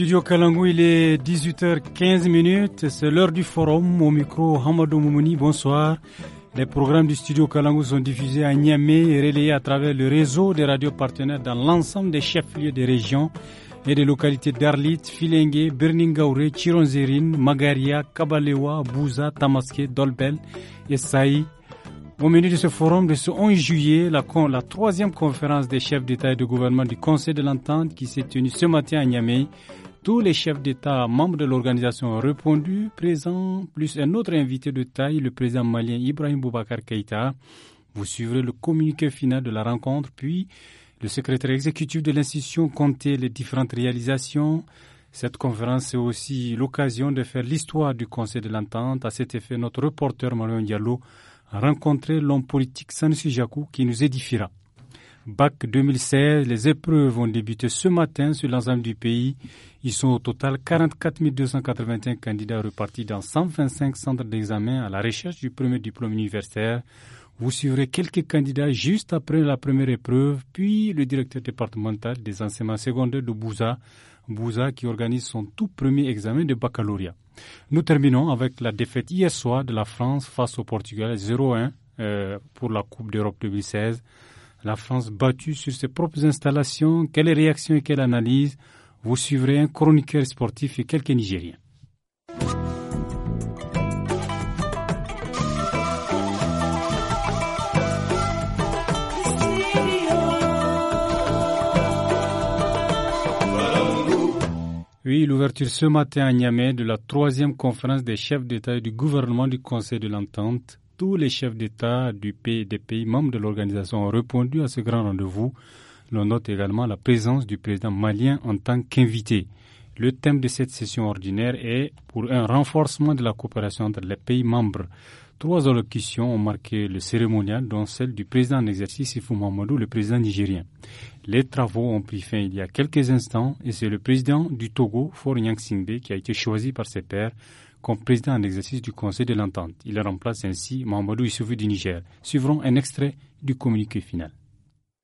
Studio Kalangou, il est 18h15 C'est l'heure du forum. Au micro, Hamadou Moumouni, bonsoir. Les programmes du Studio Kalangou sont diffusés à Niamey et relayés à travers le réseau des radios partenaires dans l'ensemble des chefs-lieux des régions et des localités d'Arlit, Filengue, Birningaure, Chironzerine, Magaria, Kabalewa, Bouza, Tamaské, Dolbel et Saï. Au menu de ce forum de ce 11 juillet, la, la troisième conférence des chefs d'État et de gouvernement du Conseil de l'Entente qui s'est tenue ce matin à Niamey tous les chefs d'État membres de l'organisation ont répondu présents, plus un autre invité de taille, le président malien Ibrahim Boubacar Keïta. Vous suivrez le communiqué final de la rencontre, puis le secrétaire exécutif de l'institution comptait les différentes réalisations. Cette conférence est aussi l'occasion de faire l'histoire du Conseil de l'entente. À cet effet, notre reporter Marion Diallo a rencontré l'homme politique Sanusi Jakou qui nous édifiera. Bac 2016, les épreuves ont débuté ce matin sur l'ensemble du pays. Ils sont au total 44 281 candidats repartis dans 125 centres d'examen à la recherche du premier diplôme universitaire. Vous suivrez quelques candidats juste après la première épreuve, puis le directeur départemental des enseignements secondaires de Bouza, Bouza qui organise son tout premier examen de baccalauréat. Nous terminons avec la défaite hier soir de la France face au Portugal 0-1 euh, pour la Coupe d'Europe 2016 la France battue sur ses propres installations, quelles réactions et quelle analyse Vous suivrez un chroniqueur sportif et quelques Nigériens. Oui, l'ouverture ce matin à Niamey de la troisième conférence des chefs d'État et du gouvernement du Conseil de l'Entente tous les chefs d'État du pays, des pays membres de l'organisation ont répondu à ce grand rendez-vous. L'on note également la présence du président malien en tant qu'invité. Le thème de cette session ordinaire est pour un renforcement de la coopération entre les pays membres. Trois allocutions ont marqué le cérémonial, dont celle du président en exercice Ifou Mamadou, le président nigérien. Les travaux ont pris fin il y a quelques instants et c'est le président du Togo, Fort Nyang qui a été choisi par ses pairs comme président en exercice du Conseil de l'Entente. Il remplace ainsi Mamadou Issoufou du Niger. Suivront un extrait du communiqué final.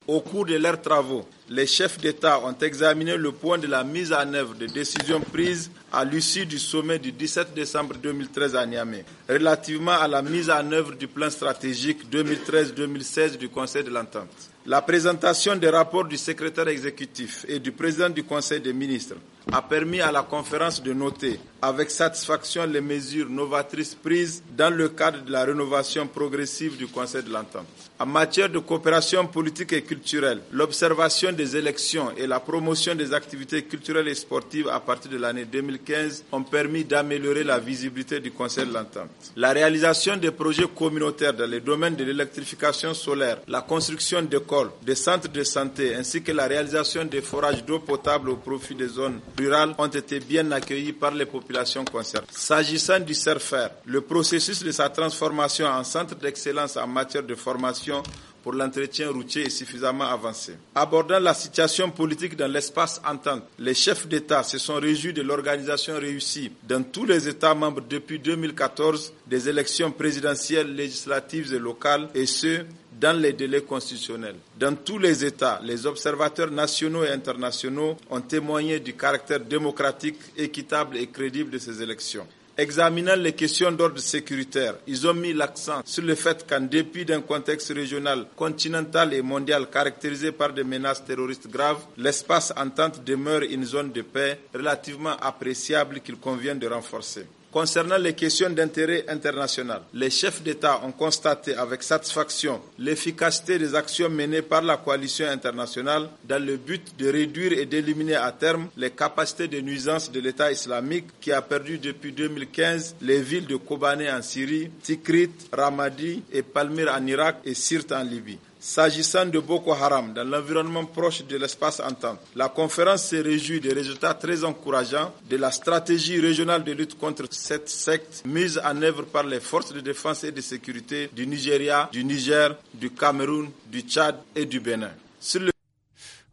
Au cours de leurs travaux, les chefs d'État ont examiné le point de la mise en œuvre des décisions prises à l'issue du sommet du 17 décembre 2013 à Niamey, relativement à la mise en œuvre du plan stratégique 2013-2016 du Conseil de l'Entente. La présentation des rapports du secrétaire exécutif et du président du Conseil des ministres a permis à la conférence de noter avec satisfaction les mesures novatrices prises dans le cadre de la rénovation progressive du Conseil de l'entente. En matière de coopération politique et culturelle, l'observation des élections et la promotion des activités culturelles et sportives à partir de l'année 2015 ont permis d'améliorer la visibilité du Conseil de l'entente. La réalisation des projets communautaires dans les domaines de l'électrification solaire, la construction d'écoles, des centres de santé ainsi que la réalisation des forages d'eau potable au profit des zones rurales ont été bien accueillis par les populations concernées. S'agissant du CERFER, le processus de sa transformation en centre d'excellence en matière de formation pour l'entretien routier est suffisamment avancé. Abordant la situation politique dans l'espace entente, les chefs d'État se sont réjouis de l'organisation réussie dans tous les États membres depuis 2014 des élections présidentielles, législatives et locales, et ce, dans les délais constitutionnels. Dans tous les États, les observateurs nationaux et internationaux ont témoigné du caractère démocratique, équitable et crédible de ces élections. Examinant les questions d'ordre sécuritaire, ils ont mis l'accent sur le fait qu'en dépit d'un contexte régional, continental et mondial caractérisé par des menaces terroristes graves, l'espace entente demeure une zone de paix relativement appréciable qu'il convient de renforcer. Concernant les questions d'intérêt international, les chefs d'État ont constaté avec satisfaction l'efficacité des actions menées par la coalition internationale dans le but de réduire et d'éliminer à terme les capacités de nuisance de l'État islamique qui a perdu depuis 2015 les villes de Kobané en Syrie, Tikrit, Ramadi et Palmyre en Irak et Sirte en Libye. S'agissant de Boko Haram, dans l'environnement proche de l'espace entente, la conférence se réjouit des résultats très encourageants de la stratégie régionale de lutte contre cette secte mise en œuvre par les forces de défense et de sécurité du Nigeria, du Niger, du Cameroun, du Tchad et du Bénin.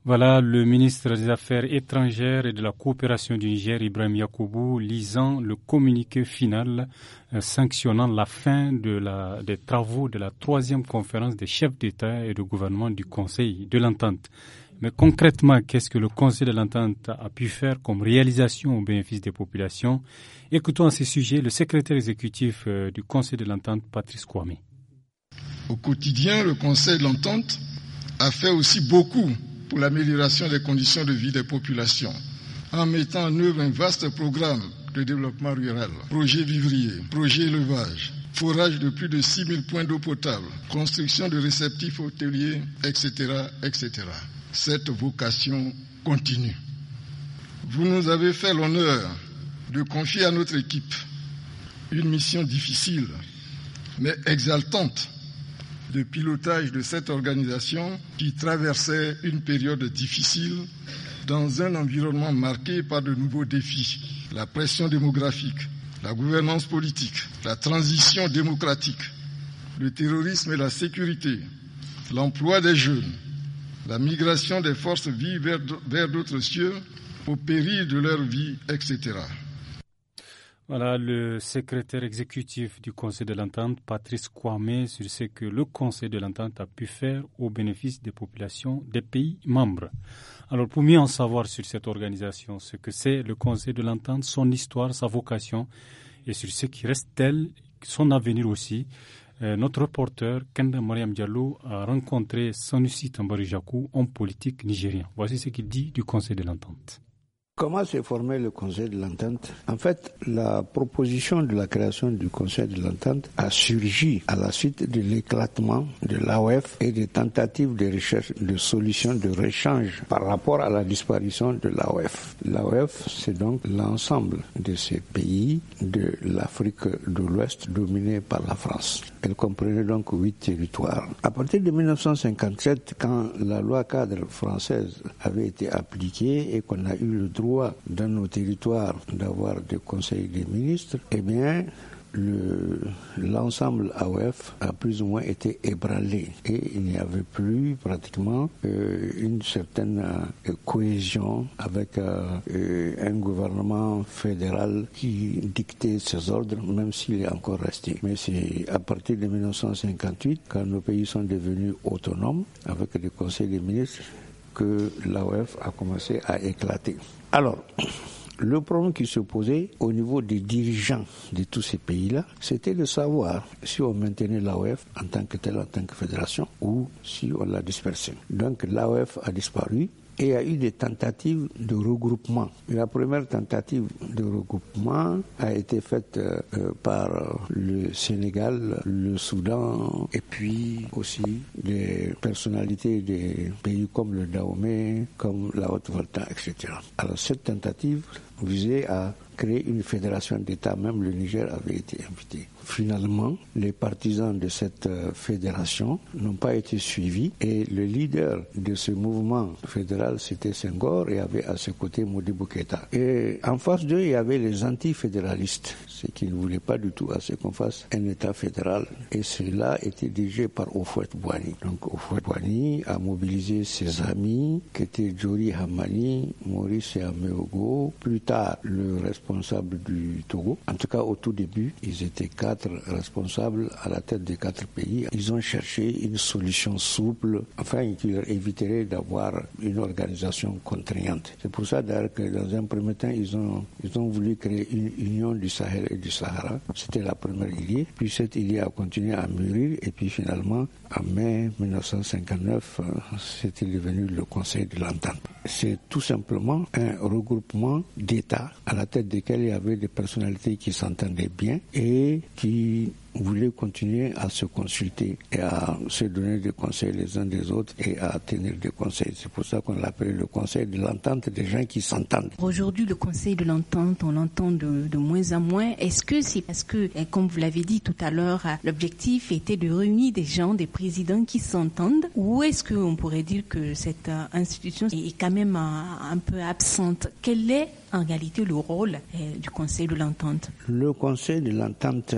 Voilà le ministre des Affaires étrangères et de la coopération du Niger, Ibrahim Yakoubou, lisant le communiqué final euh, sanctionnant la fin des travaux de la troisième conférence des chefs d'État et de gouvernement du Conseil de l'entente. Mais concrètement, qu'est-ce que le Conseil de l'entente a pu faire comme réalisation au bénéfice des populations Écoutons à ce sujet le secrétaire exécutif euh, du Conseil de l'entente, Patrice Kwame. Au quotidien, le Conseil de l'entente a fait aussi beaucoup pour l'amélioration des conditions de vie des populations en mettant en œuvre un vaste programme de développement rural, projet vivrier, projet élevage, forage de plus de 6000 points d'eau potable, construction de réceptifs hôteliers, etc., etc. Cette vocation continue. Vous nous avez fait l'honneur de confier à notre équipe une mission difficile, mais exaltante, de pilotage de cette organisation qui traversait une période difficile dans un environnement marqué par de nouveaux défis, la pression démographique, la gouvernance politique, la transition démocratique, le terrorisme et la sécurité, l'emploi des jeunes, la migration des forces vives vers d'autres cieux au péril de leur vie, etc. Voilà le secrétaire exécutif du Conseil de l'entente, Patrice Kwame, sur ce que le Conseil de l'entente a pu faire au bénéfice des populations des pays membres. Alors pour mieux en savoir sur cette organisation, ce que c'est le Conseil de l'entente, son histoire, sa vocation et sur ce qui reste tel, son avenir aussi, euh, notre reporter Kenda Mariam Diallo a rencontré Sanusi Jaku, homme politique nigérien. Voici ce qu'il dit du Conseil de l'entente. Comment s'est formé le Conseil de l'entente En fait, la proposition de la création du Conseil de l'entente a surgi à la suite de l'éclatement de l'AOF et des tentatives de recherche de solutions de réchange par rapport à la disparition de l'AOF. L'AOF, c'est donc l'ensemble de ces pays de l'Afrique de l'Ouest dominés par la France. Elle comprenait donc huit territoires. À partir de 1957, quand la loi cadre française avait été appliquée et qu'on a eu le dans nos territoires d'avoir des conseils des ministres, eh bien, l'ensemble AOF a plus ou moins été ébranlé et il n'y avait plus pratiquement euh, une certaine euh, cohésion avec euh, un gouvernement fédéral qui dictait ses ordres même s'il est encore resté. Mais c'est à partir de 1958 quand nos pays sont devenus autonomes avec des conseils des ministres que l'AOF a commencé à éclater. Alors, le problème qui se posait au niveau des dirigeants de tous ces pays-là, c'était de savoir si on maintenait l'AOF en tant que telle, en tant que fédération, ou si on la dispersait. Donc l'AOF a disparu, et il y a eu des tentatives de regroupement. La première tentative de regroupement a été faite euh, euh, par le Sénégal, le Soudan et puis aussi des personnalités des pays comme le Dahomey, comme la Haute-Volta, etc. Alors cette tentative visait à créer une fédération d'États, même le Niger avait été invité. Finalement, les partisans de cette euh, fédération n'ont pas été suivis et le leader de ce mouvement fédéral, c'était Senghor et avait à ses côtés Modibo Keita. Et en face d'eux, il y avait les antifédéralistes, ceux qui ne voulaient pas du tout à ce qu'on fasse un État fédéral. Et cela était dirigé par Ofouet Bouani. Donc Ofouet Bouani a mobilisé ses amis, qui étaient Jori Hamani, Maurice Ameogo, plus le responsable du Togo. En tout cas, au tout début, ils étaient quatre responsables à la tête des quatre pays. Ils ont cherché une solution souple, afin qui leur d'avoir une organisation contraignante. C'est pour ça d'ailleurs que dans un premier temps, ils ont, ils ont voulu créer une union du Sahel et du Sahara. C'était la première idée. Puis cette idée a continué à mûrir et puis finalement, en mai 1959, euh, c'était devenu le Conseil de l'Entente. C'est tout simplement un regroupement des à la tête desquels il y avait des personnalités qui s'entendaient bien et qui voulaient continuer à se consulter et à se donner des conseils les uns des autres et à tenir des conseils. C'est pour ça qu'on l'appelle le Conseil de l'entente des gens qui s'entendent. Aujourd'hui, le Conseil de l'entente, on l'entend de, de, moins en moins. Est-ce que c'est parce que, eh, comme vous l'avez dit tout à l'heure, euh, l'objectif était de réunir des gens, des présidents qui s'entendent Ou est-ce qu'on pourrait dire que cette euh, institution est quand même euh, un peu absente Quel est en réalité le rôle eh, du Conseil de l'entente Le Conseil de l'entente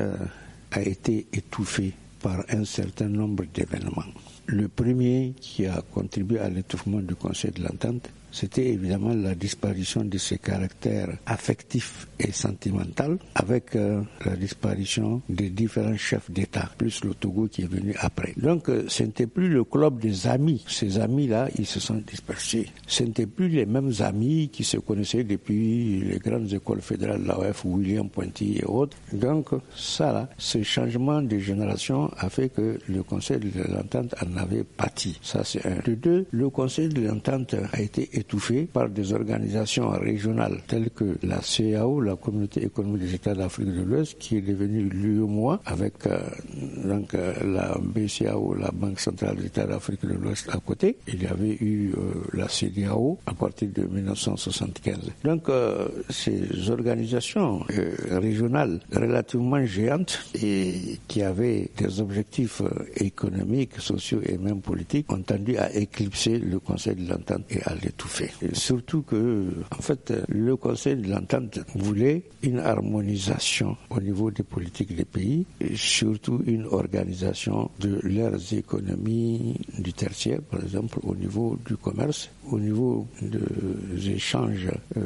a été étouffé par un certain nombre d'événements. Le premier qui a contribué à l'étouffement du Conseil de l'entente, c'était évidemment la disparition de ce caractère affectif et sentimental avec euh, la disparition des différents chefs d'État, plus le Togo qui est venu après. Donc euh, ce n'était plus le club des amis. Ces amis-là, ils se sont dispersés. Ce n'étaient plus les mêmes amis qui se connaissaient depuis les grandes écoles fédérales la l'AOF, William Pointy et autres. Donc ça, ce changement de génération a fait que le Conseil de l'entente en avait pâti. Ça, c'est un. De deux, le Conseil de l'entente a été étouffée par des organisations régionales telles que la CAO, la Communauté économique des États d'Afrique de l'Ouest, qui est devenue l'UEMOA avec euh, donc, euh, la BCAO, la Banque centrale des États d'Afrique de l'Ouest à côté. Il y avait eu euh, la CDAO à partir de 1975. Donc ces organisations régionales relativement géantes et qui avaient des objectifs économiques, sociaux et même politiques ont tendu à éclipser le Conseil de l'entente et à l'étouffer surtout que, en fait, le Conseil de l'entente voulait une harmonisation au niveau des politiques des pays, et surtout une organisation de leurs économies du tertiaire, par exemple, au niveau du commerce au niveau des échanges euh,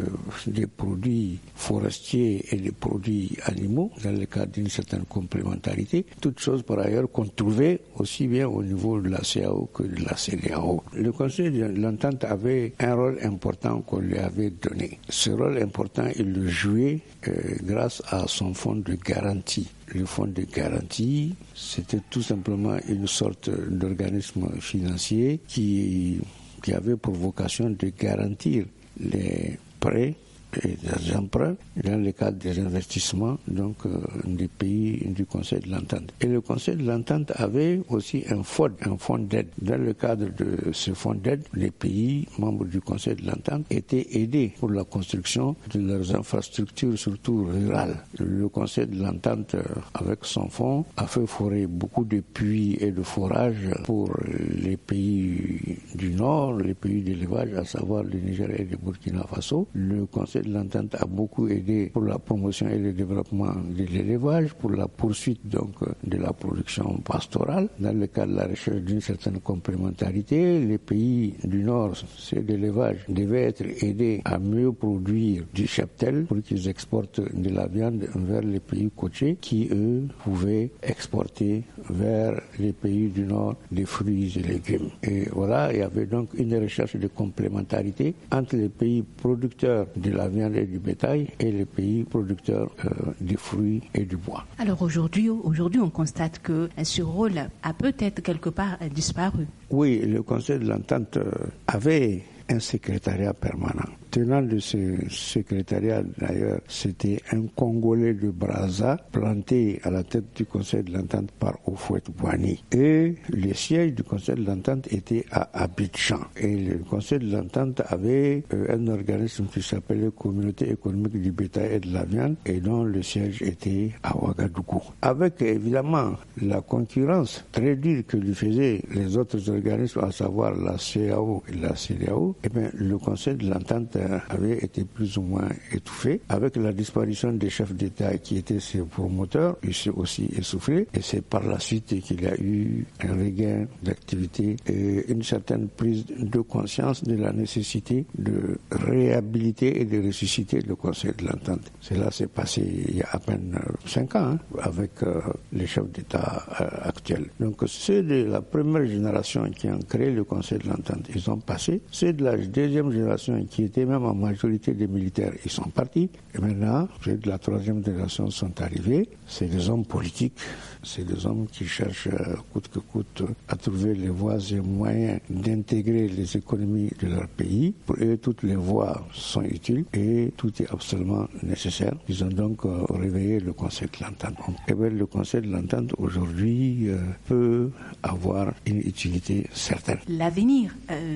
des produits forestiers et des produits animaux, dans le cadre d'une certaine complémentarité, toutes choses par ailleurs qu'on trouvait aussi bien au niveau de la CAO que de la CDAO. Le Conseil de l'entente avait un rôle important qu'on lui avait donné. Ce rôle important, il le jouait euh, grâce à son fonds de garantie le fonds de garantie, c'était tout simplement une sorte d'organisme financier qui qui avait pour vocation de garantir les prêts et des emprunts dans le cadre des investissements donc, euh, des pays, du Conseil de l'Entente. Et le Conseil de l'Entente avait aussi un fonds, un fonds d'aide. Dans le cadre de ce fonds d'aide, les pays membres du Conseil de l'Entente étaient aidés pour la construction de leurs infrastructures, surtout rurales. Le Conseil de l'Entente, euh, avec son fonds, a fait forer beaucoup de puits et de forages pour les pays du Nord, les pays d'élevage, à savoir le Niger et le Burkina Faso. Le Conseil l'entente a beaucoup aidé pour la promotion et le développement de l'élevage, pour la poursuite donc de la production pastorale. Dans le cadre de la recherche d'une certaine complémentarité, les pays du Nord, ceux de l'élevage, devaient être aidés à mieux produire du cheptel pour qu'ils exportent de la viande vers les pays côtiers qui, eux, pouvaient exporter vers les pays du Nord des fruits et légumes. Et voilà, il y avait donc une recherche de complémentarité entre les pays producteurs de la et du bétail et les pays producteurs euh, de fruits et du bois. Alors aujourd'hui, aujourd'hui, on constate que ce rôle a peut-être quelque part disparu. Oui, le Conseil de l'entente euh, avait un secrétariat permanent tenant de ce secrétariat, d'ailleurs, c'était un Congolais de Brazza, planté à la tête du Conseil de l'Entente par Oufouet Bouani. Et le siège du Conseil de l'Entente était à Abidjan. Et le Conseil de l'Entente avait euh, un organisme qui s'appelait Communauté économique du bétail et de la viande, et dont le siège était à Ouagadougou. Avec évidemment la concurrence très dure que lui faisaient les autres organismes, à savoir la CAO et la CDAO, et eh bien, le Conseil de l'Entente avait été plus ou moins étouffé. Avec la disparition des chefs d'État qui étaient ses promoteurs, il s'est aussi essoufflé et c'est par la suite qu'il a eu un regain d'activité et une certaine prise de conscience de la nécessité de réhabiliter et de ressusciter le Conseil de l'Entente. Cela s'est passé il y a à peine 5 euh, ans hein, avec euh, les chefs d'État euh, actuels. Donc c'est de la première génération qui ont créé le Conseil de l'Entente, ils ont passé. C'est de la deuxième génération qui était même en majorité des militaires, ils sont partis. Et maintenant, de la troisième génération sont arrivés. C'est des hommes politiques, c'est des hommes qui cherchent euh, coûte que coûte à trouver les voies et moyens d'intégrer les économies de leur pays. Pour eux, toutes les voies sont utiles et tout est absolument nécessaire. Ils ont donc euh, réveillé le Conseil de l'entente. Et eh bien, le Conseil de l'entente aujourd'hui euh, peut avoir une utilité certaine. L'avenir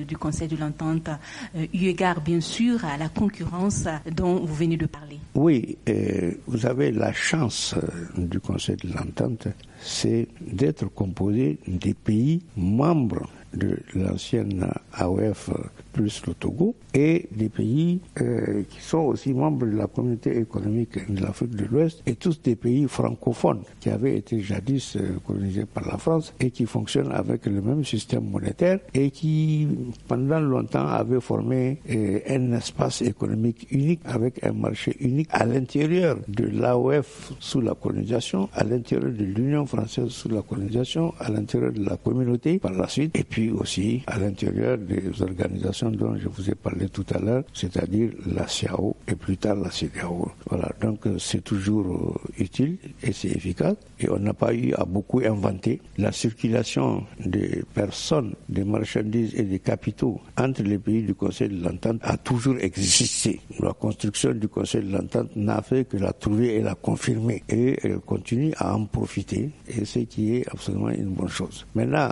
du Conseil de l'entente, eu égard bien sûr à la concurrence dont vous venez de parler. Oui, vous avez la chance euh, du Conseil de l'entente c'est d'être composé des pays membres de l'ancienne AOF plus le Togo et des pays euh, qui sont aussi membres de la communauté économique de l'Afrique de l'Ouest et tous des pays francophones qui avaient été jadis euh, colonisés par la France et qui fonctionnent avec le même système monétaire et qui pendant longtemps avaient formé euh, un espace économique unique avec un marché unique à l'intérieur de l'AOF sous la colonisation, à l'intérieur de l'Union française sous la colonisation, à l'intérieur de la communauté par la suite, et puis aussi à l'intérieur des organisations dont je vous ai parlé tout à l'heure, c'est-à-dire la CAO, et plus tard la CDAO. Voilà, donc euh, c'est toujours euh, utile et c'est efficace. Et on n'a pas eu à beaucoup inventer la circulation des personnes, des marchandises et des capitaux entre les pays du Conseil de l'entente a toujours existé. La construction du Conseil de l'entente n'a fait que la trouver et la confirmer et elle euh, continue à en profiter et ce qui est absolument une bonne chose. Maintenant,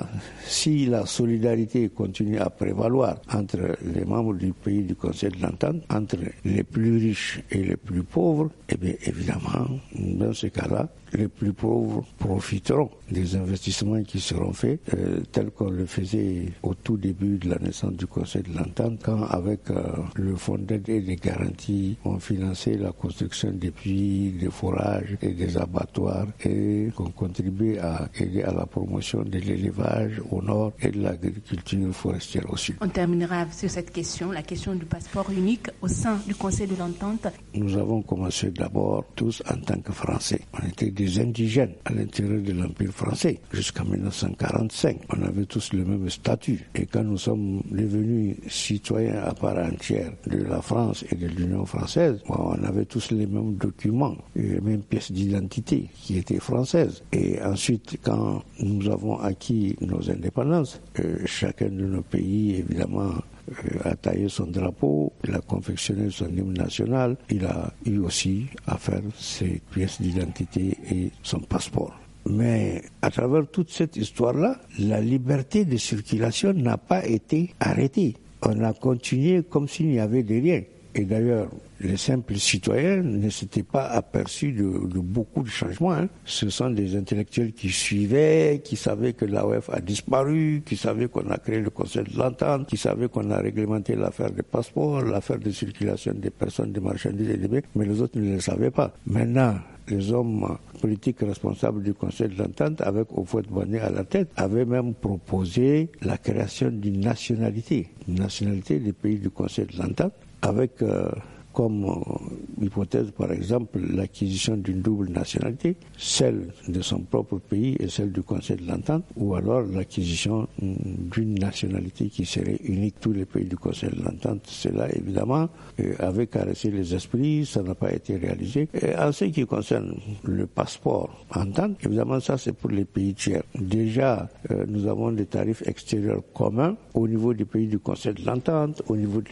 si la solidarité continue à prévaloir entre les membres du pays du Conseil de l'entente, entre les plus riches et les plus pauvres, eh bien évidemment, dans ce cas-là, les plus pauvres profiteront des investissements qui seront faits, tel euh, tels qu'on le faisait au tout début de la naissance du Conseil de l'entente, quand avec euh, le fonds d'aide et des garanties, on finançait la construction des puits, des forages et des abattoirs, et qu'on contribuait à aider à la promotion de l'élevage au nord et de l'agriculture forestière au sud. On terminera sur cette question, la question du passeport unique au sein du Conseil de l'entente. Nous avons commencé d'abord tous en tant que Français. On était indigènes à l'intérieur de l'Empire français jusqu'en 1945. On avait tous le même statut. Et quand nous sommes devenus citoyens à part entière de la France et de l'Union française, on avait tous les mêmes documents, les mêmes pièces d'identité qui étaient françaises. Et ensuite, quand nous avons acquis nos indépendances, euh, chacun de nos pays, évidemment, euh, a taillé son drapeau, il a confectionné son hymne national, il a eu aussi à faire ses pièces d'identité et son passeport. Mais à travers toute cette histoire-là, la liberté de circulation n'a pas été arrêtée. On a continué comme s'il n'y avait de rien. Et d'ailleurs, les simples citoyens ne s'étaient pas aperçus de, beaucoup de changements. Hein. Ce sont des intellectuels qui suivaient, qui savaient que l'AOF a disparu, qui savaient qu'on a créé le Conseil de l'entente, qui savaient qu'on a réglementé l'affaire des passeports, l'affaire de circulation des personnes, des marchandises et des mais les autres ne le savaient pas. Maintenant, les hommes politiques responsables du Conseil de l'entente, avec de Bonnet à la tête, avaient même proposé la création d'une nationalité, une nationalité des pays du Conseil de l'entente, avec euh, comme euh, hypothèse, par exemple, l'acquisition d'une double nationalité, celle de son propre pays et celle du Conseil de l'entente, ou alors l'acquisition mm, d'une nationalité qui serait unique tous les pays du Conseil de l'entente. Cela, évidemment, avait caressé les esprits, ça n'a pas été réalisé. Et en ce qui concerne le passeport entente, évidemment, ça c'est pour les pays tiers. Déjà, euh, nous avons des tarifs extérieurs communs au niveau des pays du Conseil de l'entente, au niveau de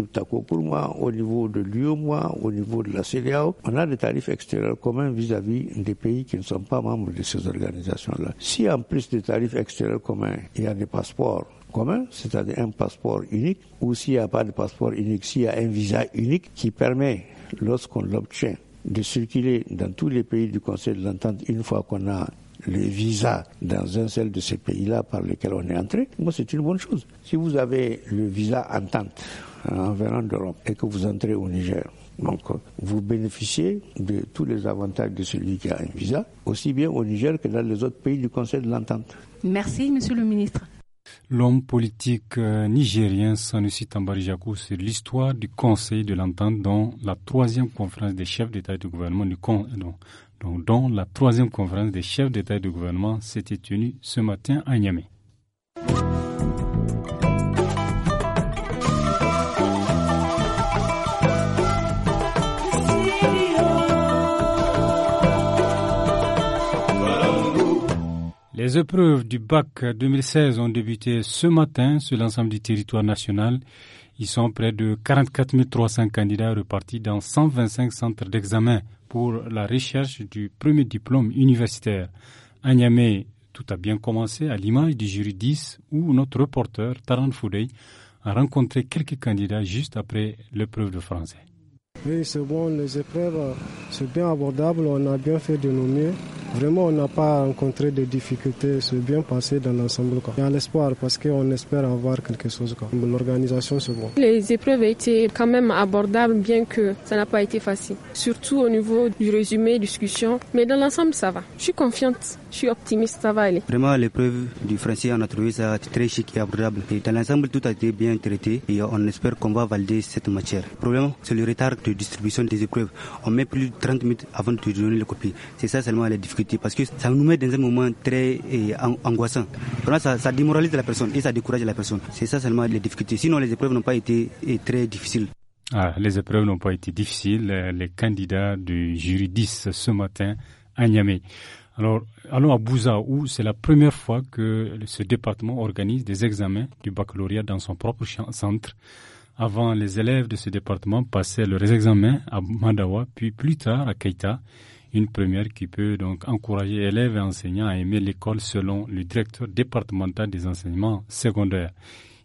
moi, au niveau de l'UOMO, au niveau de la CDAO, on a des tarifs extérieurs communs vis-à-vis des pays qui ne sont pas membres de ces organisations-là. Si en plus des tarifs extérieurs communs, il y a des passeports communs, c'est-à-dire un passeport unique, ou s'il n'y a pas de passeport unique, s'il y a un visa unique qui permet, lorsqu'on l'obtient, de circuler dans tous les pays du Conseil de l'entente une fois qu'on a le visa dans un seul de ces pays-là par lesquels on est entré, moi c'est une bonne chose. Si vous avez le visa entente en venant d'Europe et que vous entrez au Niger, donc, euh, vous bénéficiez de tous les avantages de celui qui a un visa, aussi bien au Niger que dans les autres pays du Conseil de l'Entente. Merci, Monsieur le Ministre. L'homme politique euh, nigérien Sanusi Tambari c'est sur l'histoire du Conseil de l'Entente dans la troisième conférence des chefs d'État et de gouvernement du euh, dont la troisième conférence des chefs d'État et de gouvernement s'était tenue ce matin à Niamey. Les épreuves du bac 2016 ont débuté ce matin sur l'ensemble du territoire national. Ils sont près de 44 300 candidats repartis dans 125 centres d'examen pour la recherche du premier diplôme universitaire. À Niamey, tout a bien commencé à l'image du jury 10 où notre reporter Taran Foudey a rencontré quelques candidats juste après l'épreuve de français. Oui, c'est bon, les épreuves, c'est bien abordable, on a bien fait de nos mieux. Vraiment, on n'a pas rencontré de difficultés, c'est bien passé dans l'ensemble. Il y a l'espoir parce qu'on espère avoir quelque chose. L'organisation, c'est bon. Les épreuves étaient quand même abordables, bien que ça n'a pas été facile. Surtout au niveau du résumé, discussion. Mais dans l'ensemble, ça va. Je suis confiante. Je suis optimiste, ça va aller. Vraiment, l'épreuve du français, on a trouvé ça très chic et abordable. Et dans l'ensemble, tout a été bien traité et on espère qu'on va valider cette matière. Le problème, c'est le retard de distribution des épreuves. On met plus de 30 minutes avant de te donner les copies. C'est ça seulement la difficulté parce que ça nous met dans un moment très eh, angoissant. ça, ça démoralise la personne et ça décourage la personne. C'est ça seulement les difficultés. Sinon, les épreuves n'ont pas été eh, très difficiles. Ah, les épreuves n'ont pas été difficiles. Les candidats du jury ce matin à Niamey. Alors, allons à Bouzaou. c'est la première fois que ce département organise des examens du baccalauréat dans son propre centre. Avant, les élèves de ce département passaient leurs examens à Madawa, puis plus tard à Keita, une première qui peut donc encourager élèves et enseignants à aimer l'école selon le directeur départemental des enseignements secondaires.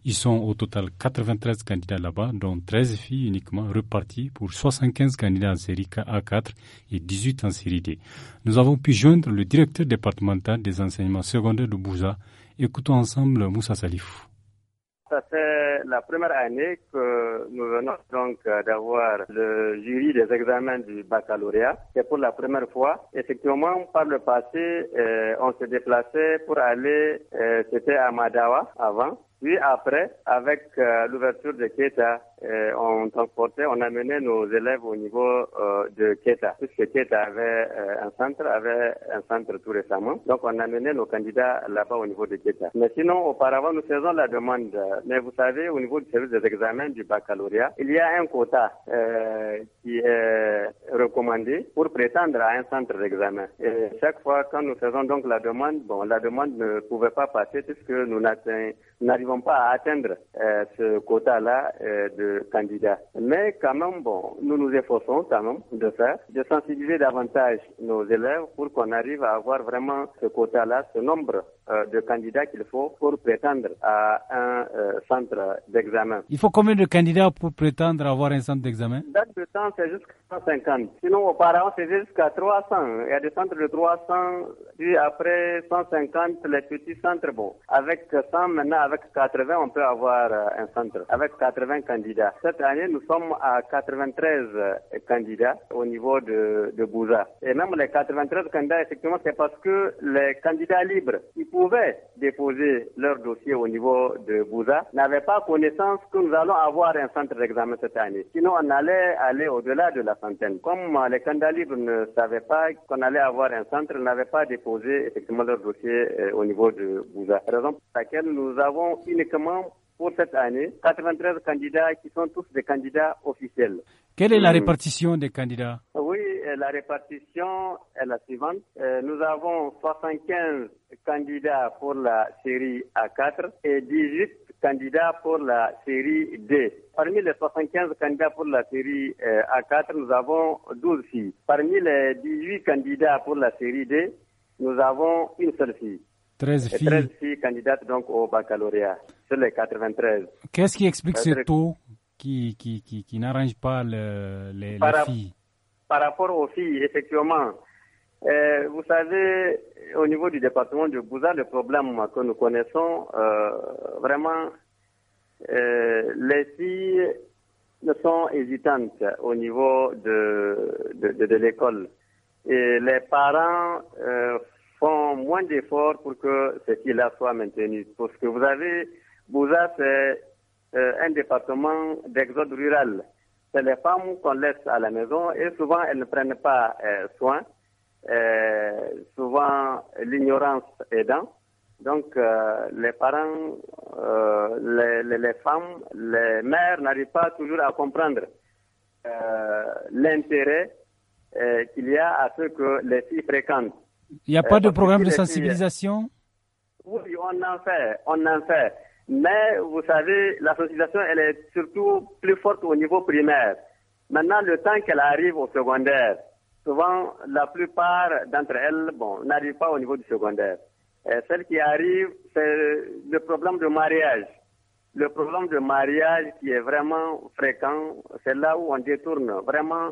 Ils sont au total 93 candidats là-bas, dont 13 filles uniquement reparties pour 75 candidats en série A4 et 18 en série D. Nous avons pu joindre le directeur départemental des enseignements secondaires de Bouza. Écoutons ensemble Moussa Salif. Ça fait la première année que nous venons donc euh, d'avoir le jury des examens du baccalauréat. C'est pour la première fois. Effectivement, par le passé, euh, on se déplaçait pour aller, euh, c'était à Madawa avant. Puis après, avec euh, l'ouverture de Keta, euh, on transportait, on amenait nos élèves au niveau euh, de Keta, puisque Keta avait un centre, avait un centre tout récemment. Donc on amenait nos candidats là-bas au niveau de Keta. Mais sinon, auparavant, nous faisons la demande. Mais vous savez, au niveau du service des examens du baccalauréat, il y a un quota qui est recommandé pour prétendre à un centre d'examen. Et chaque fois, quand nous faisons donc la demande, bon, la demande ne pouvait pas passer puisque nous n'atteignons n'arrivons pas à atteindre euh, ce quota-là euh, de candidats. Mais quand même, bon, nous nous efforçons quand même de faire, de sensibiliser davantage nos élèves pour qu'on arrive à avoir vraiment ce quota-là, ce nombre euh, de candidats qu'il faut pour prétendre à un centre d'examen. Il faut combien de candidats pour prétendre avoir un centre d'examen Date de temps, c'est jusqu'à 150. Sinon, auparavant, c'était jusqu'à 300. Il y a des centres de 300, puis après 150, les petits centres, bon. Avec 100 maintenant, avec 80, on peut avoir euh, un centre. Avec 80 candidats. Cette année, nous sommes à 93 euh, candidats au niveau de, Bouza. Et même les 93 candidats, effectivement, c'est parce que les candidats libres qui pouvaient déposer leur dossier au niveau de Bouza n'avaient pas connaissance que nous allons avoir un centre d'examen cette année. Sinon, on allait aller au-delà de la centaine. Comme euh, les candidats libres ne savaient pas qu'on allait avoir un centre, n'avaient pas déposé effectivement leur dossier au niveau de Bouza. Raison pour laquelle nous avons avons uniquement pour cette année 93 candidats qui sont tous des candidats officiels. Quelle est la euh, répartition des candidats Oui, euh, la répartition est la suivante. Euh, nous avons 75 candidats pour la série A4 et 18 candidats pour la série D. Parmi les 75 candidats pour la série A4, nous avons 12 filles. Parmi les 18 candidats pour la série D, nous avons une seule fille. 13 filles. candidates donc au baccalauréat sur les 93. Qu'est-ce qui explique ce taux qui, qui, qui, qui n'arrange pas les, par les filles Par rapport aux filles, effectivement. Euh, vous savez, au niveau du département de Bouza, le problème que nous connaissons, euh, vraiment, euh, les filles sont hésitantes au niveau de, de, de, de l'école. Et les parents euh, moins d'efforts pour que ce qui là soit maintenu. Parce que vous avez, Bouza, c'est euh, un département d'exode rural. C'est les femmes qu'on laisse à la maison et souvent elles ne prennent pas euh, soin. Euh, souvent l'ignorance dans. Donc les parents, les, femmes, les mères n'arrivent pas toujours à comprendre l'intérêt qu'il y a à ce que les filles fréquentent. Il n'y a pas euh, de programme de sensibilisation Oui, on en fait, on en fait. Mais vous savez, la sensibilisation, elle est surtout plus forte au niveau primaire. Maintenant, le temps qu'elle arrive au secondaire, souvent, la plupart d'entre elles, n'arrivent pas au niveau du secondaire. celle qui arrive, c'est le problème de mariage. Le problème de mariage qui est vraiment fréquent, c'est là où on détourne vraiment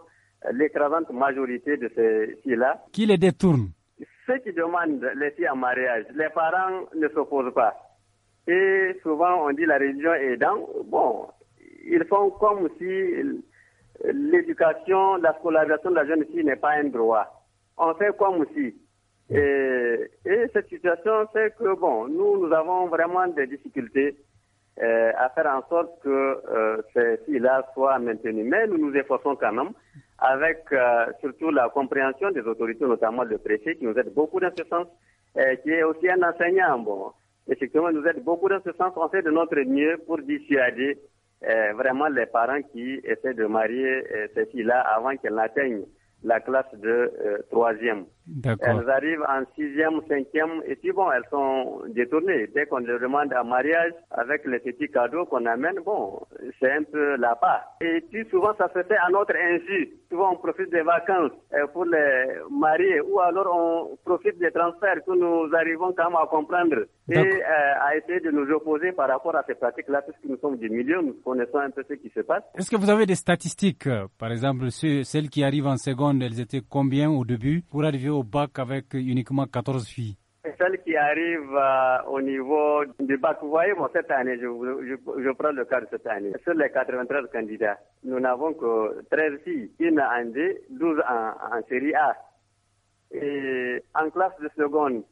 l'écrasante majorité de ces filles-là. Qui les détourne ceux qui demandent les filles en mariage, les parents ne s'opposent pas. Et souvent, on dit la religion aidant. Bon, ils font comme si l'éducation, la scolarisation de la jeune fille n'est pas un droit. On fait comme si. Et, cette situation c'est que, bon, nous, nous avons vraiment des difficultés euh, à faire en sorte que euh, ces filles-là soient maintenues. Mais nous nous efforçons quand même avec euh, surtout la compréhension des autorités, notamment le préfet, qui nous aide beaucoup dans ce sens, qui est aussi un enseignant. Bon, effectivement, nous aide beaucoup dans ce sens. On fait de notre mieux pour dissuader euh, vraiment les parents qui essaient de marier euh, ces filles-là avant qu'elles n'atteignent la classe de troisième. Elles arrivent en sixième, cinquième, et puis bon, elles sont détournées. Dès qu'on les demande à mariage, avec les petits cadeaux qu'on amène, bon, c'est un peu la part. Et puis souvent, ça se fait à notre insu. Souvent, on profite des vacances euh, pour les marier, ou alors on profite des transferts que nous arrivons quand même à comprendre et euh, à essayer de nous opposer par rapport à ces pratiques-là, puisque nous sommes des millions, nous connaissons un peu ce qui se passe. Est-ce que vous avez des statistiques, euh, par exemple, sur celles qui arrivent en seconde, elles étaient combien au début pour arriver au bac avec uniquement 14 filles celles qui arrivent euh, au niveau du bac, vous voyez, cette année, je, je, je, prends le cas de cette année. Sur les 93 candidats, nous n'avons que 13 filles, une en D, 12 en, en série A. Et en classe de seconde,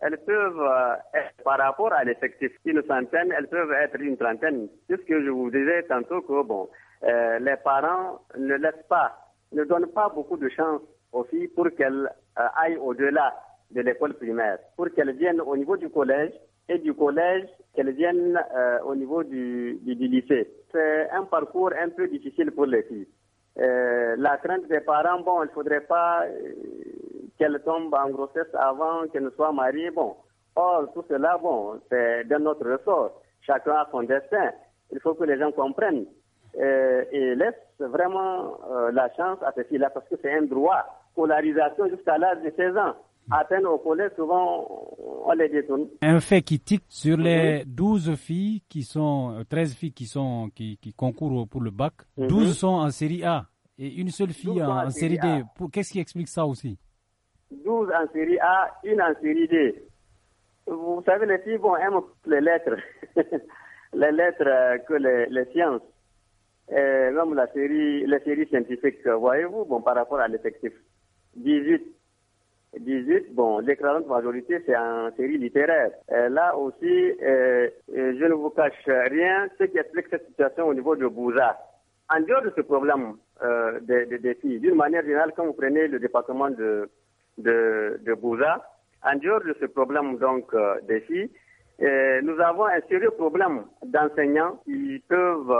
elles peuvent euh, être, par rapport à l'effectif, une centaine, elles peuvent être une trentaine. que je vous disais tantôt que, bon, euh, les parents ne laissent pas, ne donnent pas beaucoup de chance aux filles pour qu'elles euh, aillent au-delà de l'école primaire, pour qu'elles viennent au niveau du collège et du collège qu'elles viennent euh, au niveau du, lycée. C'est un parcours un peu difficile pour les filles. Euh, la crainte des parents, bon, il ne faudrait pas qu'elles tombent en grossesse avant qu'elles ne soient mariées. Bon, or, tout cela, bon, c'est de notre ressort. Chacun a son destin. Il faut que les gens comprennent et laissent vraiment la chance à ces filles-là parce que c'est un droit scolarisation jusqu'à l'âge de 16 ans. Hmm. À peine au collège, souvent, on les détourne. Un fait qui tique sur hmm. les 12 filles qui sont, 13 euh, filles qui sont, qui, qui concourent pour le bac, 12 hmm. sont en série A et une seule fille en, série, D. Qu'est-ce qui explique ça aussi? 12 en série A, une en série D. Vous savez, les filles vont aimer les lettres, les lettres euh, que les, sciences. Et même la série, les séries scientifiques, voyez-vous, bon, par rapport à l'effectif. 18. 18, bon, l'écrasante majorité, c'est en série littéraire. Euh, là aussi, euh, euh, je ne vous cache rien, ce qui explique cette situation au niveau de Bouza. En dehors de ce problème euh, des, filles, d'une manière générale, quand vous prenez le département de, de, Bouza, en dehors de ce problème donc euh, des filles, nous avons un sérieux problème d'enseignants qui peuvent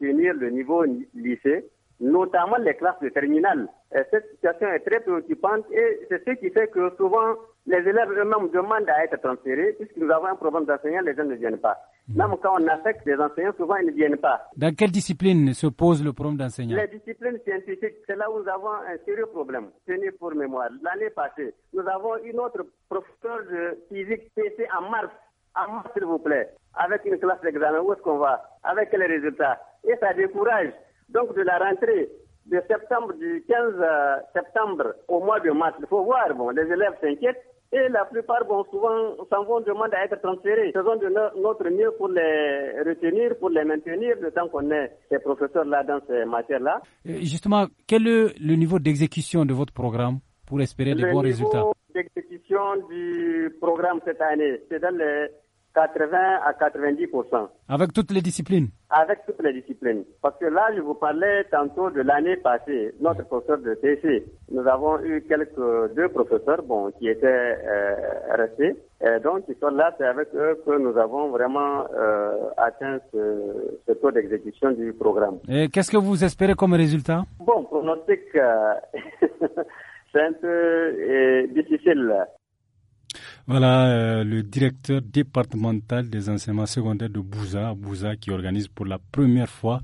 tenir le niveau lycée, notamment les classes de terminale. Euh, cette situation est très préoccupante et c'est ce qui fait que souvent les élèves eux-mêmes demandent à être transférés puisque nous avons un problème d'enseignants, les gens ne viennent pas. Mhm. Même quand on affecte les enseignants, souvent ils ne viennent pas. Dans quelle discipline se pose le problème d'enseignants Les disciplines scientifiques, c'est là où nous avons un sérieux problème. Tenez pour mémoire, l'année passée, nous avons une autre professeur de physique PC en mars, en mars s'il vous plaît, avec une classe d'examen, où est-ce qu'on va Avec les résultats Et ça décourage. Donc de la rentrée, de septembre, du 15 euh, septembre au mois de mars, il faut voir, bon, les élèves s'inquiètent. Et la plupart, bon, souvent, s'en vont demander à être transférés. Faisons de notre mieux pour les retenir, pour les maintenir, le temps qu'on ait ces professeurs-là dans ces matières-là. Euh, justement, quel est le niveau d'exécution de votre programme pour espérer de bons résultats? L'exécution du programme cette année, c'est dans les 80 à 90%. Avec toutes les disciplines Avec toutes les disciplines. Parce que là, je vous parlais tantôt de l'année passée, notre professeur de TC. Nous avons eu quelques deux professeurs bon, qui étaient euh, restés. Et donc, ils sont là, c'est avec eux que nous avons vraiment euh, atteint ce, ce taux d'exécution du programme. Et qu'est-ce que vous espérez comme résultat Bon, pronostic, euh, c'est un peu euh, difficile. Voilà euh, le directeur départemental des enseignements secondaires de Bouza, Bouza qui organise pour la première fois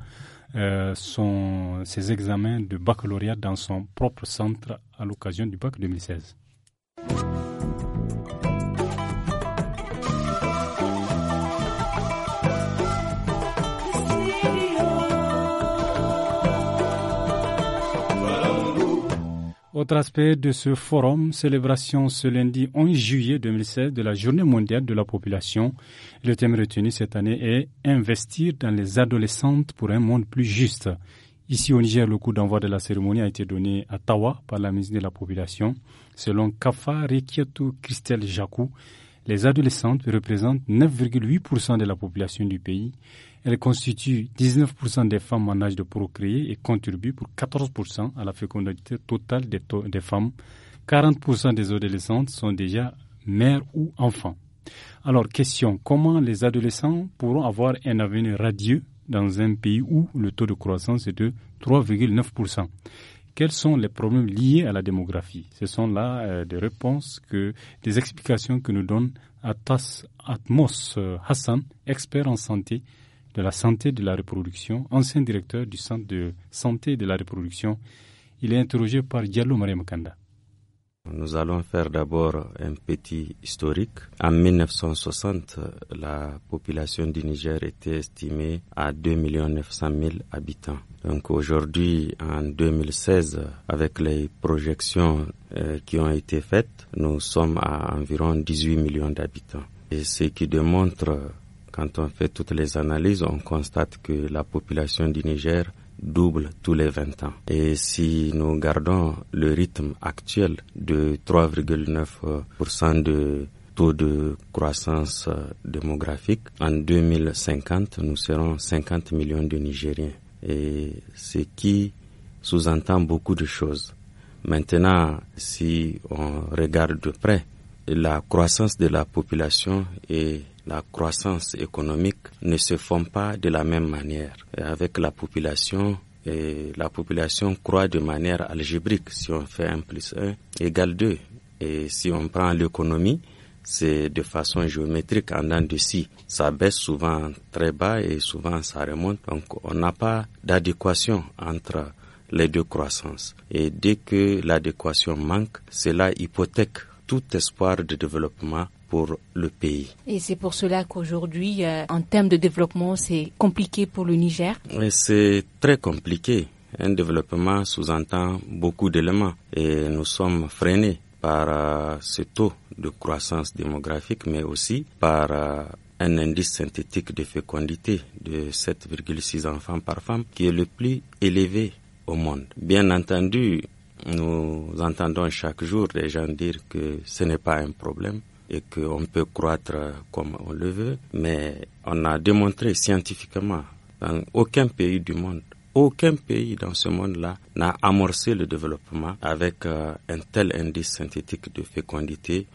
euh, ses examens de baccalauréat dans son propre centre à l'occasion du bac 2016. Autre aspect de ce forum, célébration ce lundi 11 juillet 2016 de la Journée mondiale de la population. Le thème retenu cette année est Investir dans les adolescentes pour un monde plus juste. Ici au Niger, le coup d'envoi de la cérémonie a été donné à Tawa par la ministre de la Population. Selon Kafa Rikiatou Christelle Jacou, les adolescentes représentent 9,8% de la population du pays. Elles constituent 19% des femmes en âge de procréer et contribuent pour 14% à la fécondité totale des, femmes. 40% des adolescentes sont déjà mères ou enfants. Alors, question, comment les adolescents pourront avoir un avenir radieux dans un pays où le taux de croissance est de 3,9% quels sont les problèmes liés à la démographie. Ce sont là euh, des réponses, que, des explications que nous donne Atas, Atmos Hassan, expert en santé de la santé de la reproduction, ancien directeur du Centre de santé de la reproduction. Il est interrogé par Diallo Mariam Kanda. Nous allons faire d'abord un petit historique. En 1960, la population du Niger était estimée à 2 900 000 habitants. Donc aujourd'hui, en 2016, avec les projections euh, qui ont été faites, nous sommes à environ 18 millions d'habitants. Et ce qui démontre, quand on fait toutes les analyses, on constate que la population du Niger double tous les 20 ans. Et si nous gardons le rythme actuel de 3,9% de taux de croissance démographique, en 2050, nous serons 50 millions de Nigériens. Et ce qui sous-entend beaucoup de choses. Maintenant, si on regarde de près, la croissance de la population est la croissance économique ne se font pas de la même manière. avec la population, la population croît de manière algébrique. Si on fait 1 plus 1 égale 2. Et si on prend l'économie, c'est de façon géométrique en dents de Ça baisse souvent très bas et souvent ça remonte. Donc on n'a pas d'adéquation entre les deux croissances. Et dès que l'adéquation manque, cela hypothèque tout espoir de développement pour le pays. Et c'est pour cela qu'aujourd'hui, euh, en termes de développement, c'est compliqué pour le Niger C'est très compliqué. Un développement sous-entend beaucoup d'éléments et nous sommes freinés par euh, ce taux de croissance démographique, mais aussi par euh, un indice synthétique de fécondité de 7,6 enfants par femme qui est le plus élevé au monde. Bien entendu, nous entendons chaque jour des gens dire que ce n'est pas un problème, et qu'on peut croître comme on le veut, mais on a démontré scientifiquement dans aucun pays du monde, aucun pays dans ce monde-là n'a amorcé le développement avec euh, un tel indice synthétique de fécondité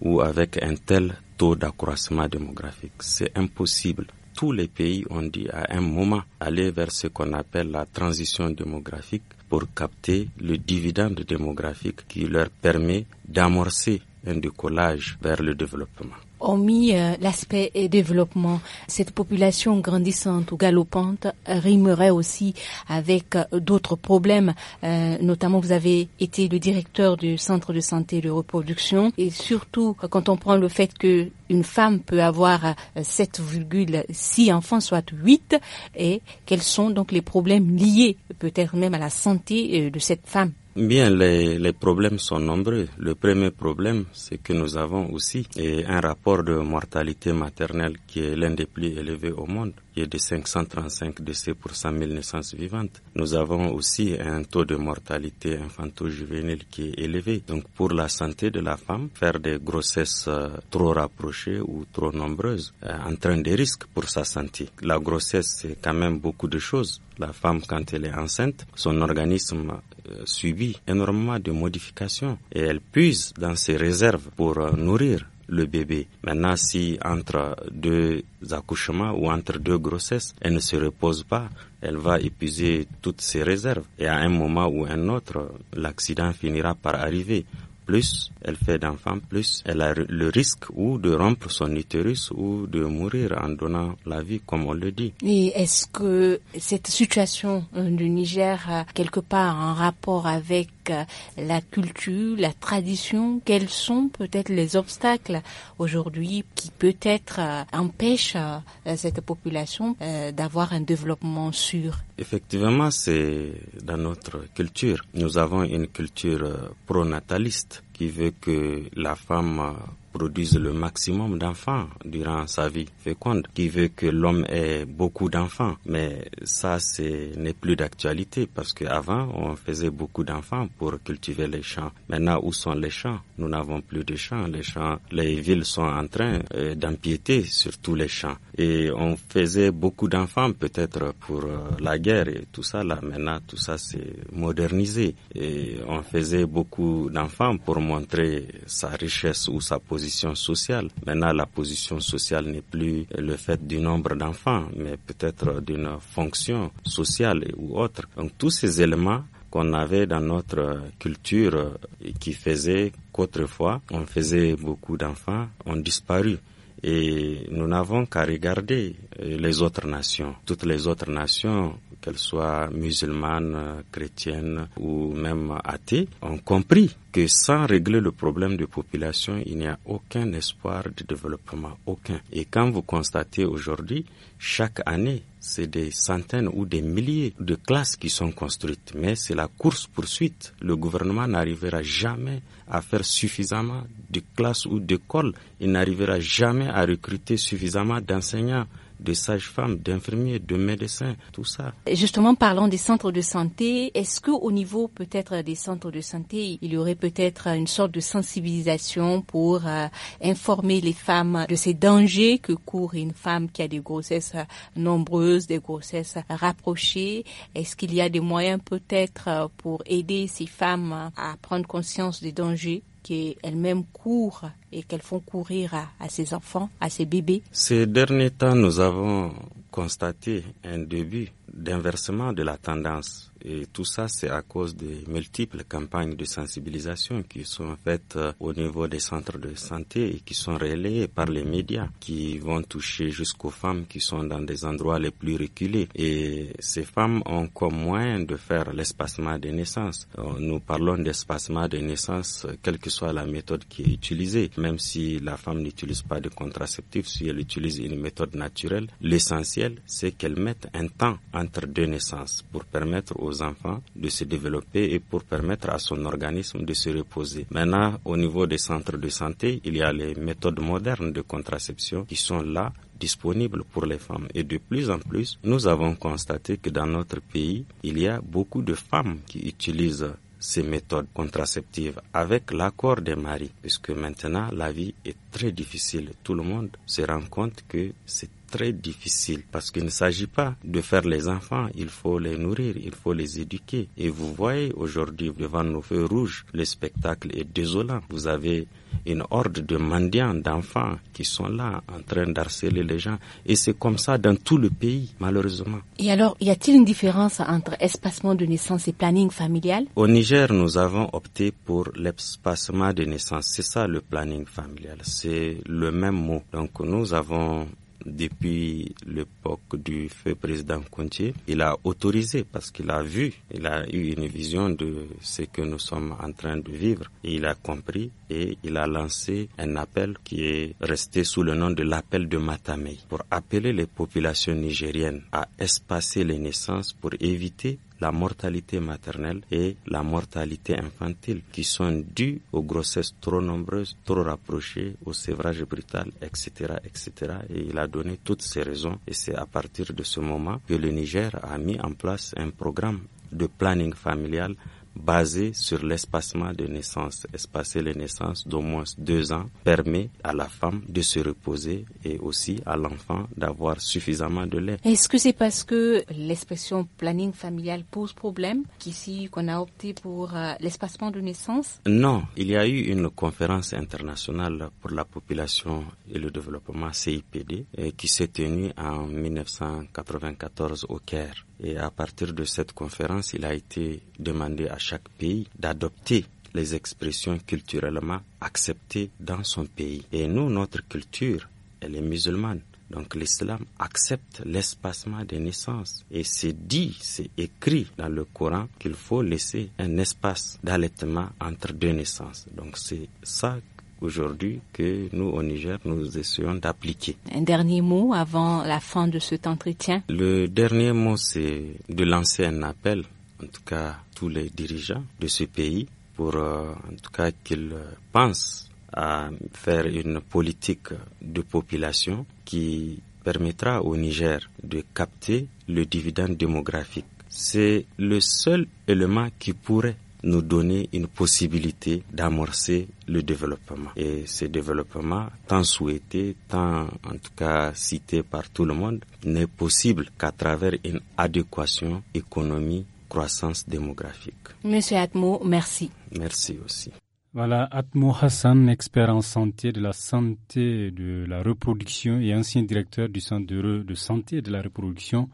ou avec un tel taux d'accroissement démographique. C'est impossible tous les pays ont dit à un moment aller vers ce qu'on appelle la transition démographique pour capter le dividende démographique qui leur permet d'amorcer un décollage vers le développement. Hormis euh, l'aspect développement, cette population grandissante ou galopante rimerait aussi avec euh, d'autres problèmes. Euh, notamment, vous avez été le directeur du centre de santé de reproduction et surtout quand on prend le fait que une femme peut avoir 7,6 enfants, soit 8, et quels sont donc les problèmes liés peut-être même à la santé de cette femme Bien, les, les, problèmes sont nombreux. Le premier problème, c'est que nous avons aussi eh, un rapport de mortalité maternelle qui est l'un des plus élevés au monde y a de 535 décès pour 100 000 naissances vivantes. Nous avons aussi un taux de mortalité infanto-juvénile qui est élevé. Donc pour la santé de la femme, faire des grossesses euh, trop rapprochées ou trop nombreuses euh, entraîne des risques pour sa santé. La grossesse, c'est quand même beaucoup de choses. La femme, quand elle est enceinte, son organisme euh, subit énormément de modifications et elle puise dans ses réserves pour nourrir le bébé. Maintenant, si entre deux accouchements ou entre deux grossesses, elle ne se repose pas, elle va épuiser toutes ses réserves. Et à un moment ou un autre, l'accident finira par arriver plus elle fait d'enfants, plus elle a le risque ou de rompre son utérus ou de mourir en donnant la vie, comme on le dit. Et est-ce que cette situation euh, du Niger a quelque part un rapport avec euh, la culture, la tradition, quels sont peut-être les obstacles aujourd'hui qui peut-être euh, empêchent euh, cette population d'avoir un développement sûr Effectivement, c'est dans notre culture. Nous avons une culture pronataliste qui veut que la femme produisent le maximum d'enfants durant sa vie féconde, qui veut que l'homme ait beaucoup d'enfants. Mais ça, ce n'est plus d'actualité parce qu'avant, on faisait beaucoup d'enfants pour cultiver les champs. Maintenant, où sont les champs Nous n'avons plus de champs. Les champs, les villes sont en train euh, d'empiéter sur tous les champs. Et on faisait beaucoup d'enfants peut-être pour euh, la guerre et tout ça. Là, maintenant, tout ça s'est modernisé. Et on faisait beaucoup d'enfants pour montrer sa richesse ou sa position position sociale. Maintenant, la position sociale n'est plus le fait du nombre d'enfants, mais peut-être d'une fonction sociale ou autre. Donc tous ces éléments qu'on avait dans notre culture qui faisaient qu'autrefois on faisait beaucoup d'enfants ont disparu. Et nous n'avons qu'à regarder les autres nations. Toutes les autres nations qu'elles soient musulmanes, euh, chrétiennes ou même athées, ont compris que sans régler le problème de population, il n'y a aucun espoir de développement, aucun. Et quand vous constatez aujourd'hui, chaque année, c'est des centaines ou des milliers de classes qui sont construites, mais c'est la course poursuite. Le gouvernement n'arrivera jamais à faire suffisamment de classes ou d'écoles. Il n'arrivera jamais à recruter suffisamment d'enseignants de sages-femmes, d'infirmiers, de médecins, tout ça. Justement, parlant des centres de santé, est-ce que au niveau peut-être des centres de santé, il y aurait peut-être une sorte de sensibilisation pour euh, informer les femmes de ces dangers que court une femme qui a des grossesses euh, nombreuses, des grossesses rapprochées Est-ce qu'il y a des moyens peut-être euh, pour aider ces femmes à prendre conscience des dangers qu'elles-mêmes courent et qu'elles font courir à, ses ces enfants, à ces bébés Ces derniers temps, nous avons constaté un début d'inversement de la tendance et tout ça, c'est à cause des multiples campagnes de sensibilisation qui sont faites euh, au niveau des centres de santé et qui sont relayées par les médias, qui vont toucher jusqu'aux femmes qui sont dans des endroits les plus reculés. Et ces femmes ont comme moyen de faire l'espacement des naissances. Euh, nous parlons d'espacement des naissances, euh, quelle que soit la méthode qui est utilisée. Même si la femme n'utilise pas de contraceptif, si elle utilise une méthode naturelle, l'essentiel, c'est qu'elle mette un temps entre deux naissances pour permettre aux enfants de se développer et pour permettre à son organisme de se reposer. Maintenant, au niveau des centres de santé, il y a les méthodes modernes de contraception qui sont là disponibles pour les femmes. Et de plus en plus, nous avons constaté que dans notre pays, il y a beaucoup de femmes qui utilisent ces méthodes contraceptives avec l'accord des maris, puisque maintenant la vie est très difficile. Tout le monde se rend compte que c'est très difficile parce qu'il ne s'agit pas de faire les enfants, il faut les nourrir, il faut les éduquer. Et vous voyez aujourd'hui devant nos feux rouges, le spectacle est désolant. Vous avez une horde de mendiants, d'enfants qui sont là en train d'harceler les gens. Et c'est comme ça dans tout le pays, malheureusement. Et alors, y a-t-il une différence entre espacement de naissance et planning familial Au Niger, nous avons opté pour l'espacement de naissance. C'est ça le planning familial. C'est le même mot. Donc, nous avons depuis l'époque du feu président Contier, il a autorisé parce qu'il a vu, il a eu une vision de ce que nous sommes en train de vivre. Et il a compris et il a lancé un appel qui est resté sous le nom de l'appel de Matamei pour appeler les populations nigériennes à espacer les naissances pour éviter la mortalité maternelle et la mortalité infantile qui sont dues aux grossesses trop nombreuses, trop rapprochées, au sévrage brutal, etc., etc. Et il a donné toutes ces raisons et c'est à partir de ce moment que le Niger a mis en place un programme de planning familial basé sur l'espacement de naissance. Espacer les naissances d'au moins deux ans permet à la femme de se reposer et aussi à l'enfant d'avoir suffisamment de lait. Est-ce que c'est parce que l'expression planning familial pose problème qu'ici qu'on a opté pour euh, l'espacement de naissance Non, il y a eu une conférence internationale pour la population et le développement CIPD euh, qui s'est tenue en 1994 au Caire. Et à partir de cette conférence, il a été demandé à chaque pays d'adopter les expressions culturellement acceptées dans son pays. Et nous, notre culture, elle est musulmane. Donc l'islam accepte l'espacement des naissances. Et c'est dit, c'est écrit dans le Coran qu'il faut laisser un espace d'allaitement entre deux naissances. Donc c'est ça aujourd'hui que nous, au Niger, nous essayons d'appliquer. Un dernier mot avant la fin de cet entretien Le dernier mot, c'est de lancer un appel, en tout cas tous les dirigeants de ce pays, pour euh, en tout cas qu'ils pensent à faire une politique de population qui permettra au Niger de capter le dividende démographique. C'est le seul élément qui pourrait nous donner une possibilité d'amorcer le développement. Et ce développement, tant souhaité, tant en tout cas cité par tout le monde, n'est possible qu'à travers une adéquation économie croissance démographique. Monsieur Atmo, merci. Merci aussi. Voilà, Atmo Hassan, expert en santé de la santé de la reproduction et ancien directeur du Centre de santé de la reproduction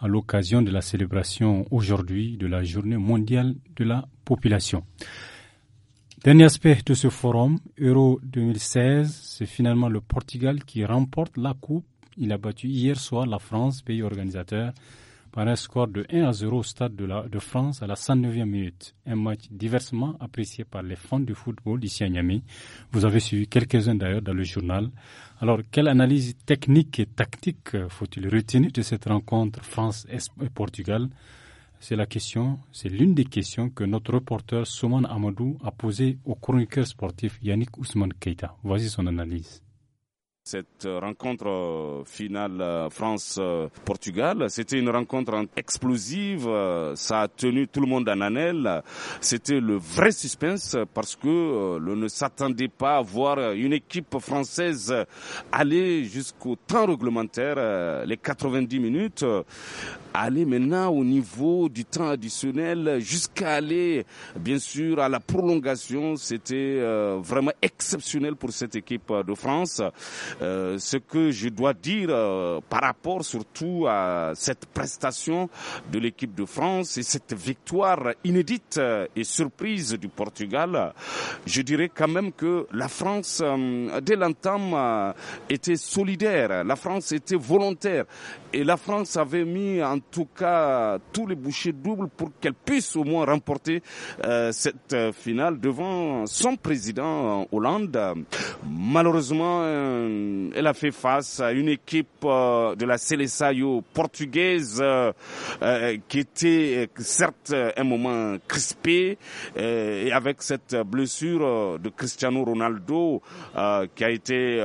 à l'occasion de la célébration aujourd'hui de la journée mondiale de la population. Dernier aspect de ce forum, Euro 2016, c'est finalement le Portugal qui remporte la Coupe. Il a battu hier soir la France, pays organisateur, par un score de 1 à 0 au stade de, la, de France à la 109e minute. Un match diversement apprécié par les fans du football d'ici à Niamey. Vous avez suivi quelques-uns d'ailleurs dans le journal. Alors, quelle analyse technique et tactique euh, faut-il retenir de cette rencontre France Portugal C'est la question, c'est l'une des questions que notre reporter Souman Amadou a posée au chroniqueur sportif Yannick Ousmane Keita. Voici son analyse. Cette euh, rencontre euh, finale euh, France-Portugal, c'était une rencontre explosive. Ça a tenu tout le monde en annelle. C'était le vrai suspense parce que l'on ne s'attendait pas à voir une équipe française aller jusqu'au temps réglementaire, les 90 minutes, aller maintenant au niveau du temps additionnel jusqu'à aller, bien sûr, à la prolongation. C'était vraiment exceptionnel pour cette équipe de France. Euh, ce que je dois dire euh, par rapport surtout à cette prestation de l'équipe de France et cette victoire inédite euh, et surprise du Portugal, je dirais quand même que la France, dès l'entame, était solidaire, la France était volontaire et la France avait mis en tout cas tous les bouchers doubles pour qu'elle puisse au moins remporter cette finale devant son président Hollande. Malheureusement, elle a fait face à une équipe euh, de la Selesaio portugaise euh, euh, qui était certes un moment crispé et avec cette blessure de Cristiano Ronaldo qui a été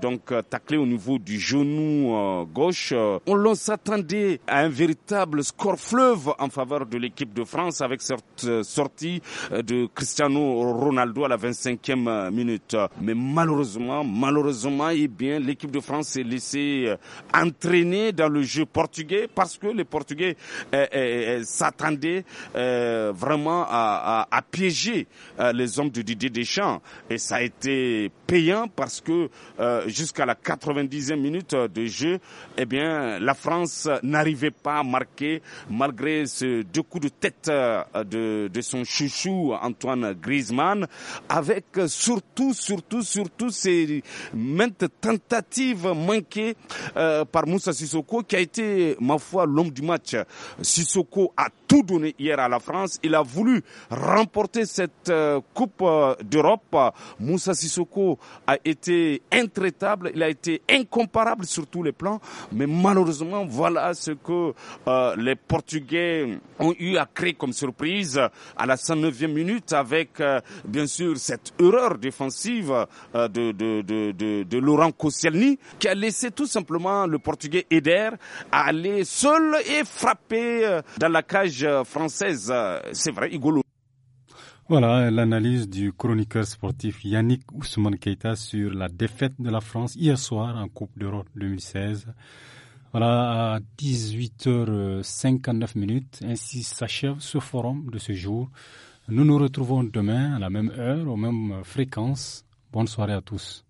donc taclé au niveau du genou gauche. On s'attendait à un véritable score fleuve en faveur de l'équipe de France avec cette sortie de Cristiano Ronaldo à la 25e minute. Mais malheureusement, malheureusement, et bien, l'équipe de France s'est laissée euh, entraîner dans le jeu portugais parce que les Portugais euh, euh, s'attendaient vraiment à, piéger les hommes de Didier Deschamps. Et ça a été payant parce que jusqu'à la 90e minute de jeu, eh bien, la France n'arrivait pas à marquer malgré ce deux coups de tête de, son chouchou Antoine Griezmann, avec surtout, surtout, surtout ces maintes tentative manquée euh, par Moussa Sissoko qui a été, ma foi, l'homme du match. Sissoko a tout donné hier à la France. Il a voulu remporter cette euh, Coupe euh, d'Europe. Moussa Sissoko a été intraitable, il a été incomparable sur tous les plans. Mais malheureusement, voilà ce que euh, les Portugais ont eu à créer comme surprise à la 109e minute avec, bien sûr, cette erreur défensive de, de, de, Laurent Koscielny qui a laissé tout simplement le Portugais Eder aller seul et frapper dans la cage euh, française. Euh, c'est vrai, Igolo. Voilà l'analyse du chroniqueur sportif Yannick Ousmane Keita sur la défaite de la France hier soir en Coupe d'Europe 2016. Voilà, à 18h59 minutes, ainsi s'achève ce forum de ce jour. Nous nous retrouvons demain à la même heure, aux mêmes fréquences. Bonne soirée à tous.